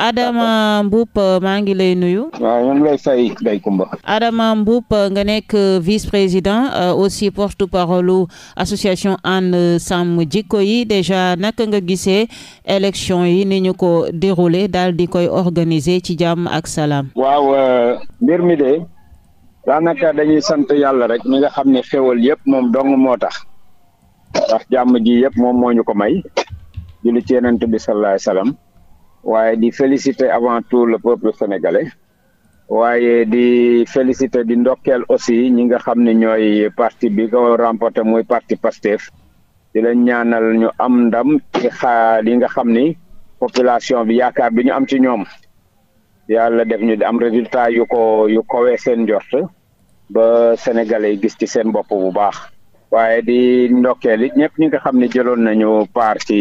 Adama Mboup maa ngi lay nuyu. waaw ñu ngi lay fay Adama Mboup nga nekk vice-président euh, aussi porte-parole association Ànd Sàmm Jikko Yi déjà naka nga gisee élection yi ni ñu ko déroulé daal di koy organiser ci jàmm ak salaam. waaw euh, mbir mi de daanaka dañuy sant yàlla rek mi nga xam ne xéwal yëpp moom dong moo tax ndax jàmm ji yëpp moom mooñu ko may julli ci Yonent bi sallallahu waaye di féliciter avant tout le peuple sénégalais waaye di féliciter di ndokkeel aussi ñi nga xam ne ñooy parti bi ko remporté muy parti Pastef di leen ñaanal ñu am ndam ci xaar yi nga xam ni population bi yaakaar bi ñu am ci ñoom yàlla def ñu di am résultat yu ko yu kowee seen njort ba sénégalais yi gis ci seen bopp bu baax waaye di ndokkeel it ñëpp ñi nga xam ne jëloon nañu part ci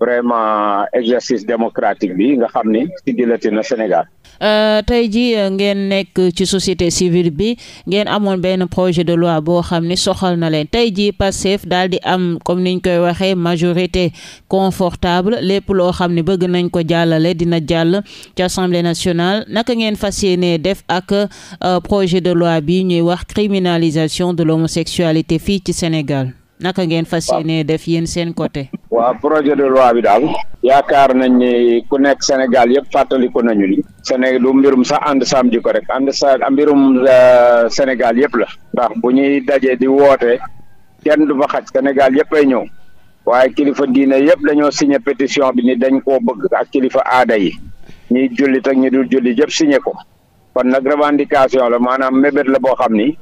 vraiment exercice démocratique bi nga xam ni sigilati na Sénégal. Euh, tey jii euh, ngeen nekk ci société civile bi ngeen amoon benn projet de loi boo xam ni soxal na leen tey jii Pastef daal di am comme niñ koy waxee majorité confortable lépp loo xam ne bëgg nañ ko jàllale dina jàll ci assemblée nationale naka ngeen fas yéenee def ak euh, projet de loi bi ñuy wax criminalisation de l'homosexualité fii ci Sénégal. naka ngeen fas yéene def yéen seen côté. waaw projet de loi bi daal. yaakaar nañ ni ku nekk Sénégal yëpp fàttaliku nañu ni. Sénégal du mbirum sax ànd saam ji ko rek ànd sa mbirum euh, Sénégal yëpp la. ndax bu ñuy dajee di woote kenn du fa xaj Sénégal yëpp ay ñëw. waaye kilifa diine yëpp dañoo signé pétition bi ni dañ koo bëgg ak kilifa aada yi ñuy julli ak ñu dul julli yëpp signé ko kon nag revendication la maanaam mébét la boo xam ni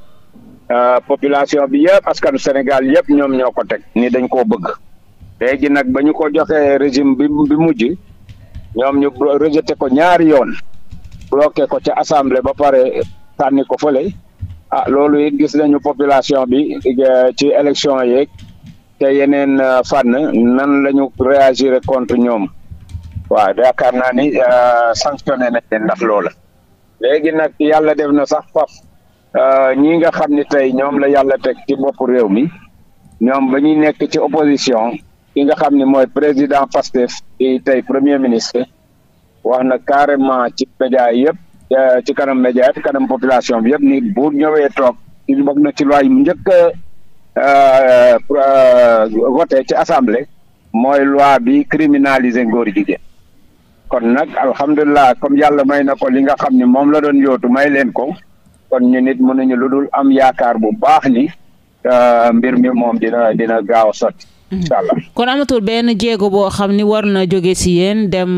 Euh, population bi yëpp askanu Sénégal yëpp ñoom ñoo ko teg ni dañ koo bëgg léegi nag ba ñu ko joxee régime bi bi mujj ñoom ñu rejeté ko ñaari yoon bloqué ko ci assemblée ba pare sànni ko fële ah loolu it gis nañu population bi eh, ci élection yeeg te yeneen euh, fànn nan la ñu réagir contre ñoom waaw yaakaar naa ni euh, sanctionné nañ leen ndax loola léegi nag yàlla def na sax faf Euh, ñii nga xam ni tey ñoom la yàlla teg ci bopp réew mi ñoom ba nekk ci opposition ki nga xam ni mooy président Pastef di tey premier ministre wax na carrément ci média yëpp euh, ci kanam média yëpp kanam population bi yëpp ni bu ñëwee toog ci bokk na ci loi mu njëkk euh, voté ci assemblée mooy loi bi criminaliser ngóor jigéen kon nag alhamdulilah comme yàlla may na ko li nga xam ni moom la doon yootu may leen ko kon ñu nit mënuñu lu dul am yaakaar bu baax ni euh, mbir mi moom dina gaaw a mhm. kon amatul benn jéego boo xam ni war na jóge si yéen dem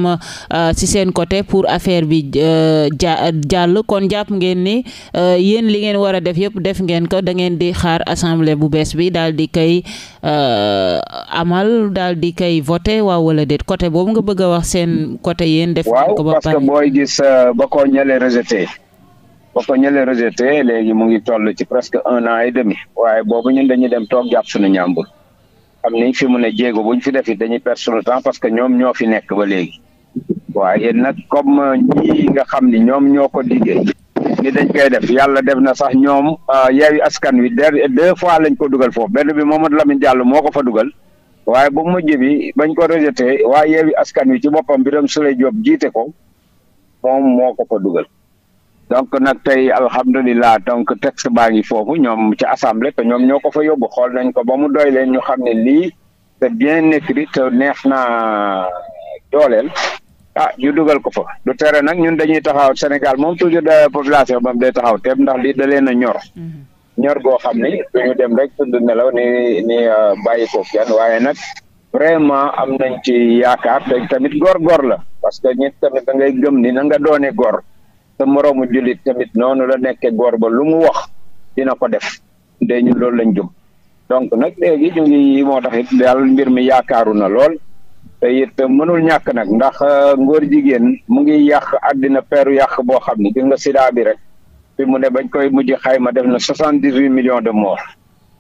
si euh, seen côté pour affaire bi euh, ja jàll kon jàpp ngeen ni yéen li ngeen war a def yëpp def ngeen ko da ngeen di xaar assemblée bu bees bi daal di koy amal daal di kay voté waaw wala déet côté boobu nga bëgg a wax seen côté yéen. def ko ba pare waaw parce que booy gis ba koo ñële rejeté. ba ko ñële rejeté léegi mu ngi toll ci presque un an et demi waaye boobu ñun dañuy dem toog jàpp na ñàmbur xam ni fi mu ne jéego buñ fi def it dañuy perdre suñu temps parce que ñoom ñoo fi nekk ba léegi waaye nag comme ñi nga xam ni ñoom ñoo ko liggéey ni dañ koy def yàlla def na sax ñoom ah, yeewi askan wi deux fois lañ ko dugal foofu benn bi moom Mamadou Lamine Diallo moo ko fa dugal waaye bu mujj bi bañ ko rejeté waaye yeewi askan wi ci boppam Birame Souleye Diop jiite ko moom moo ko fa dugal donc nag tey alhamdulillah donc texte baa ngi foofu ñoom ci assemblée te ñoom ñoo ko fa yóbbu xool nañ ko ba mu doy leen ñu xam ne lii c'est bien écrit te neex na dooleel a ah, ñu dugal ko fa du tere nag ñun dañuy taxaw Sénégal moom toujours de population ba mu day taxaw teem ndax lii da leen a ñor mm-hmm. ñor goo xam ne duñu dem rek tudd nelaw ni ni euh, bàyyi ko kenn waaye nag vraiment am nañ ci yaakaar te tamit góor góor la parce que ñi tamit da ngay gëm ni na nga doone góor sa moroomu jullit tamit noonu la nekkee góor ba lu mu wax dina ko def de ñun loolu lañ jëm donc nag léegi ñu ngi moo tax daal mbir mi yaakaaru na lool te it mënul ñàkk nag ndax euh, ngóor jigéen mu ngi yàq àddina peeru yàq boo xam ne di nga sida bi rek fi mu ne bañ koy mujj xayma def na soixante dix huit millions de morts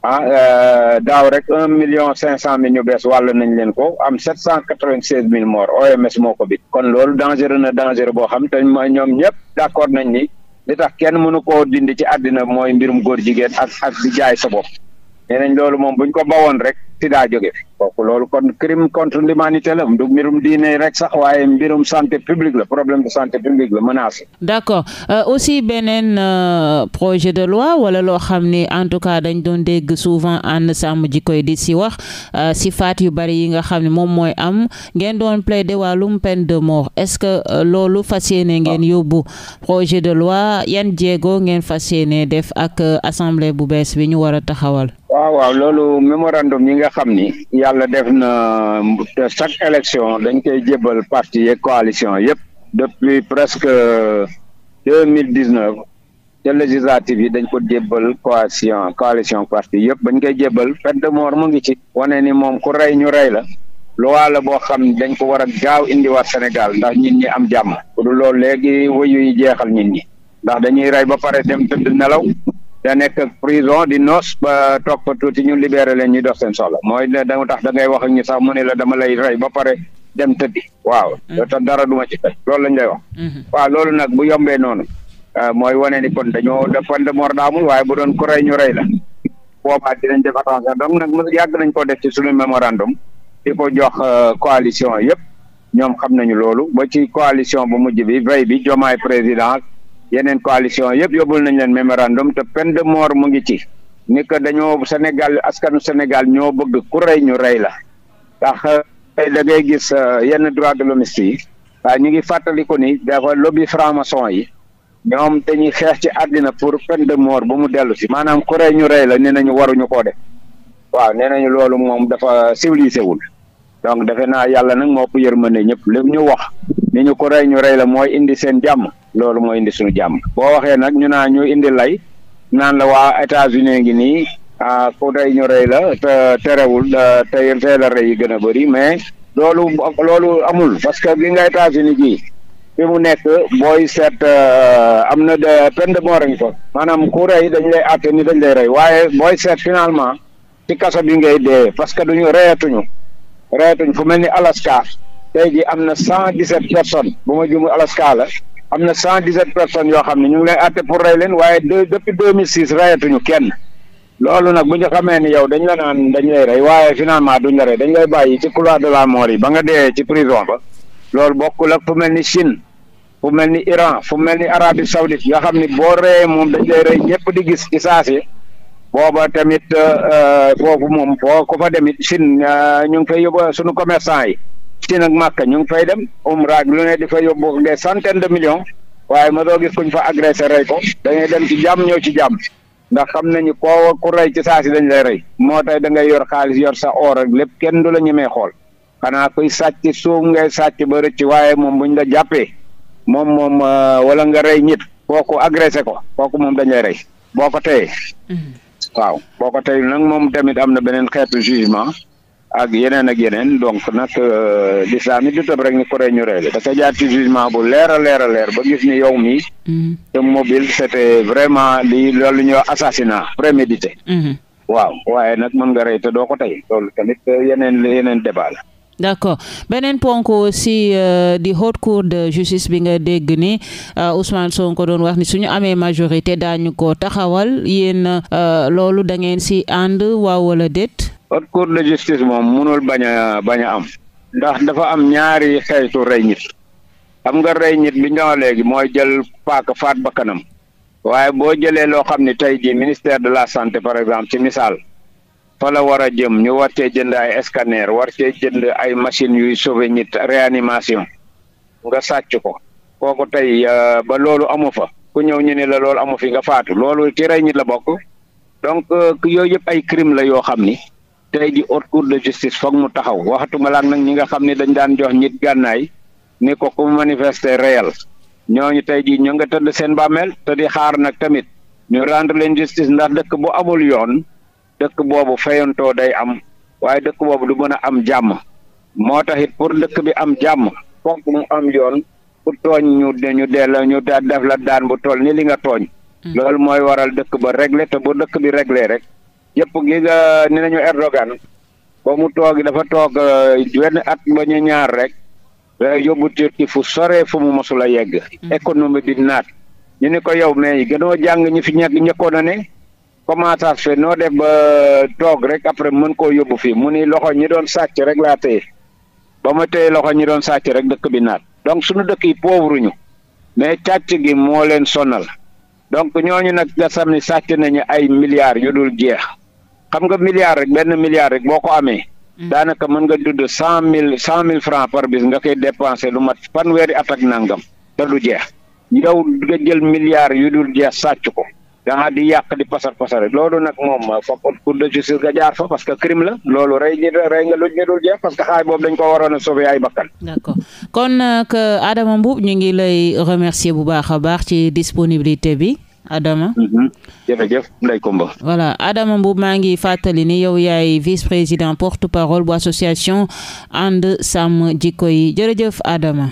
ah euh, daaw rek un million cinq cent mille ñu bees wàll nañ leen ko am sept cent quatre vingt seize mille morts OMS moo ko bi kon lool dangereux na dangereux boo xam te ñoom ñëpp d' accord nañ ni li tax kenn mënu koo dindi ci addina mooy mbir mu góor jigéen ak ak di jaay sa bopp nee nañ loolu moom buñ ko bawoon rek si daa jóge kooku loolu kon crime contre l'humanité la du mbirum diine rek sax waaye mbirum santé publique la problème de santé publique la menace. d'accord euh, aussi beneen euh, projet de loi wala loo xam ni en tout cas dañ doon dégg souvent ànd sàmm jikkoy di si wax euh, si faat yu bari yi nga xam ne moom mooy am ngeen doon de wàllum peine de mort est-ce que euh, loolu fas yéene ngeen yóbbu projet de loi yan jéego ngeen fas yéene def ak assemblée bu bees bi ñu war a taxawal. waaw waaw loolu mémorandum yàlla def na chaque élection dañ koy jébbal parti yeeg coalition yëpp depuis presque deux mille dix neuf te législative yi dañ ko jébbal coalition coalition parti yëpp dañ koy jébbal peine de mort mu ngi ci wane ni moom ku rey ñu rey la loi la boo xam ne dañ ko war a gaaw indiwaat Sénégal ndax nit ñi am jàmm. lool loolu léegi wëyu yi jeexal nit ñi. ndax dañuy rey ba pare dem nelaw da nekk ak prison di noos ba toog fa tuuti ñu libeere leen ñuy dox seen soxla mooy da nga tax da ngay wax ak ñu sax mu ne la dama lay rey ba pare dem tëddi waaw loolu mm-hmm. tax dara duma ci fekk loolu lañ lay wax mm-hmm. waaw loolu nag bu yombee noonu ah, mooy wane ni kon dañoo defan de mor daamul waaye bu doon ku rey ñu rey la boobaa dinañ def attention donc nag yàgg nañ ko def ci suñu mémorandum di ko jox euh, coalition yëpp ñoom xam nañu loolu ba ci coalition bu mujj bi vey bi Diomaye président yeneen coalition yëpp yóbbul nañ leen mémorandum te peine de moor mu ngi ci ni que dañoo Sénégal askanu Sénégal ñoo bëgg ku ñu rey la ndax da ngay gis euh, yenn droit de l'homme yi waaye ñu ngi fàttaliku ni dafa lobby franc-maçon yi ñoom dañuy xeex ci àddina pour pen de mort bu mu dellu si maanaam ku ñu rey la nee nañu waruñu ko de waaw nee nañu loolu moom dafa civilisé wul donc defe naa yàlla nag moo ëpp yërmande ñëpp li ñu wax ni ñu ko rey ñu rey la mooy indi seen jàmm loolu moo indi suñu jàmm boo waxee nag ñu naa ñu indi lay naan la waa États-Unis ngi nii ku ah, day ñu rey la te terewul ah, tey tey la rey yi gën a bëri mais loolu loolu amul parce que bi nga États-Unis gii fi mu nekk booy seet ah, am na de peine de mort ko maanaam ku rey dañ lay àtte ni dañ lay rey waaye booy set finalement ci kaso bi ngay dee parce que duñu reyatuñu reyatuñ fu mel ni Alaska tey ji am na cent dix-sept personnes bu ma jumu Alaska la am na cent dix sept personnes yoo xam ne ñu ngi leen àtte pour rey leen waaye depuis deux mille six rayatuñu kenn loolu nag bu xamee ni yow dañ la naan dañ lay rey waaye finalement duñ la rey dañ lay bàyyi ci couloir de la mort ba nga dee ci prison ba loolu bokkul ak fu mel ni Chine fu mel ni Iran fu mel ni Arabie Saoudite nga xam ni boo reyee moom dañ lay rey ñëpp di gis ci saasi booba tamit euh, foofu moom foo ko fa demit Chine euh, ñu ngi fay yóbbu sunu commerçant yi. Chine ak Màkka ñu ngi fay dem umraag lu ne di fa yóbbu des centaines de millions waaye ma doo gis kuñ fa agressé rey ko dañuy dem ci jàmm ñëw ci jàmm ndax xam nañu ko ku rey ci saa si dañ lay rey moo tax dangay yor xaalis yor sa or ak lépp kenn du la ñemee xool xanaa kuy sàcc suuf ngay sàcc ba rëcc waaye moom buñ la jàppee moom moom euh, wala nga rey nit kooku agressé ko kooku moom dañ lay rey boo ko teyee mm-hmm. waaw boo ko teyul nag moom tamit am na beneen xeetu jugement ak yeneen ak yeneen donc nag euh, lislaam it du tëb rek ni ko ñu réglé dafa jaar ci jugement bu leer a leer leer ba gis ni yow mii mm-hmm. te mobile c'était vraiment li loolu ñuy wax assassinat prémédité mm-hmm. waaw waaye nag mën nga rey te doo ko tey loolu tamit euh, yeneen yeneen débat la d'accord beneen ponk si euh, di haute cour de justice bi nga dégg ni euh, Ousmane Sonko doon wax ni suñu amee majorité daañu ko taxawal yéen euh, loolu da ngeen si ànd waaw wala déet haute cour de justice moom mënul bañ a bañ a am ndax dafa am ñaari xeetu rey nit xam nga rey nit bi léegi mooy jël paaka faat bakkanam waaye boo jëlee loo xam ne tey jii ministère de la santé par exemple ci misaal fa la war a jëm ñu war cee jënd ay scanner war cee jënd ay machines yuy sauver nit réanimation nga sàcc ko kooku tey euh, ba loolu amu fa ku ñëw ñu ne la loolu amu fi nga faatu loolu ci rey nit la bokk donc euh, yooyu yëpp ay crime la yoo xam ni tey di haute cour de justice foog mu taxaw waxatuma laak nag ñi nga xam ne dañ daan jox nit gànnaay ni ko ku manifester ñoo ñooñu tey jii ñoo nga tëdd seen bàmmeel te di xaar nag tamit ñu rendre leen justice ndax dëkk bu amul yoon dëkk boobu fayantoo day am waaye dëkk boobu du mën a am jàmm moo tax it pour dëkk bi am jàmm foog mu am yoon pour tooñ ñu ñu delloo ñu def la daan bu toll ni li nga tooñ. Hmm. loolu mooy waral dëkk ba régler te bu dëkk bi régler rek yëpp gi euh, ne nañu Erdogan ba mu toog dafa toog euh, wenn at ba ñaar rek euh, yóbbu ki fu sore fu mu mosul a yegg mhm. économie di naat ñu ne ko yow mais gënoo jàng ñi fi ñekk ñëkkoon a ne comment ça noo def ba toog rek après mën koo yóbbu fii mu ni loxo ñi doon sàcc rek laa téye ba ma téye loxo ñi doon sàcc rek dëkk bi naat donc suñu dëkk yi pauvre ñu mais càcc gi moo leen sonal donc ñooñu nag nga ni sàcc nañu ay milliards yu dul jeex xam nga milliard rek benn milliard rek boo ko amee. Mm. daanaka mën nga dudd cent mille cent mille francs par bis nga koy dépensé lu mat fanweeri at ak nangam te du jeex yow nga jël milliards yu dul jeex sàcc ko dangaa di yàq di pasar pasare loolu nag moom fokk cour de justice nga jaar fa parce que crime la loolu rey ñi rey nga lu jeex parce que xaay boobu dañ ko waroon a sauver ay bakkan. d'accord kon nag euh, Adama Mboup ñu ngi lay remercier bu baax a baax ci disponibilité bi. Adama. Mhm. jërëjëf Ndeye Comba. voilà Adama Mboup maa ngi fàttali ni yow yaay vice-président porte-parole bu association And Sàmm Jikko Yi jërëjëf Adama.